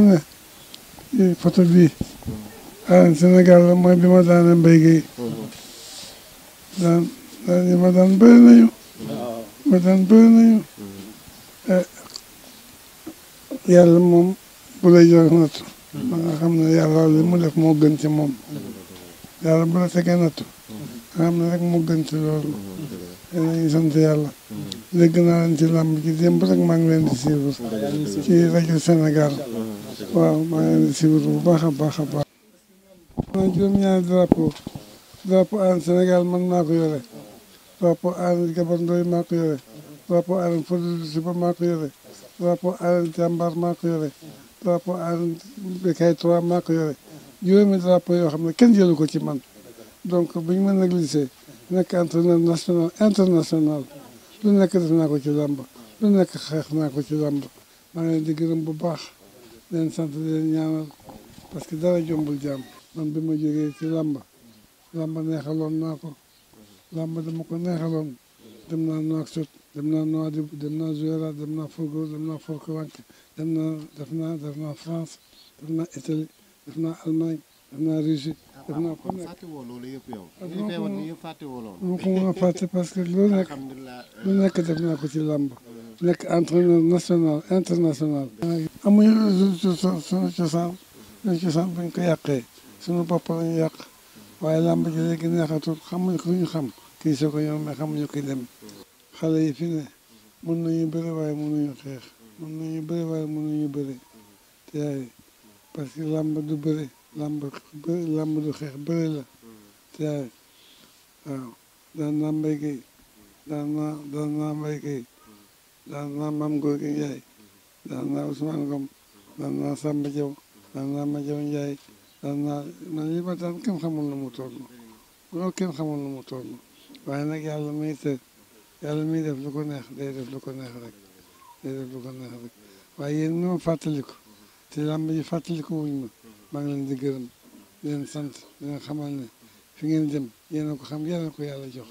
ne e, photo bii alan ah, Sénégal la mooy bi ma daana mbéy géy daan daan yi ma daan bëri nañu ma e, moom bu lay jox nattu ma nga xam ne yàlla li mu def moo gën ci moom yàlla bu la tegee nattu nga xam ne rek moo gën loolu yéen a ngi sant yàlla dégg naa leen ci làmb ngi leen di suivre ci rajo Sénégal waaw maa di suivre bu baax a baax a baax. maanaam juróom-ñaari drapeau man maa ko yore drapeau arène Gabar Ndoye maa ko yore Siba maa ko yore drapeau arène Jàmbaar maa ko yore drapeau arène Bécaye 3 maa ko yoo xam ne kenn jëlu ko ci man donc bu ñu ma négligé nekk entraîneur international. lu nekk def naa ko ci làmb lu nekk xeex naa ko ci làmb maa ngi leen di gërëm bu baax leen sant leen ñaanal parce que dara jombul jàmm man bi ma jógee ci làmb làmb neexaloon naa ko làmb dama ko neexaloon dem naa Nouakchott dem naa Nouadhibou dem naa Zouéra dem naa Fogo dem naa Forkowànke dem naa def naa def naa France def naa Italie def naa Allemagne def naa réussite def naa ko nekk yëpp yow li feewoon ko mën a parce que loolu nekk lu nekk def naa ko ci làmb nekk entraîneur national international amuñu suñu cosaan suñu cosaan buñ ko yàqee sunu bopp lañu yàq waaye làmb ji léegi neexatul xamuñu ko ñu xam kii soo ko ñoom mais xamuñu koy dem xale yi fi ne mën nañu bëri waaye mën nañu xeex mën nañu bëri waaye mën nañu bëri parce que làmb du bëri làmb làmb du xeex bëri la hmm. daan naa mbay gay hmm. daan naa daan naa mbay gay hmm. daan naa maam góor gi njaay daan naa Samba Jaw daan naa ma njaay daan naa man li ma daan kenn nu mu toll loolu kenn xamul nu mu toll waaye nag yàlla muy te yàlla muy def lu ko neex day def neex rek day def neex rek waaye yéen ñoo fàttaliku te làmb wuñ ma maa ngi leen di gërëm di sant di leen xamal ne fi ngeen jëm yéen ko xam yéen ko yàlla jox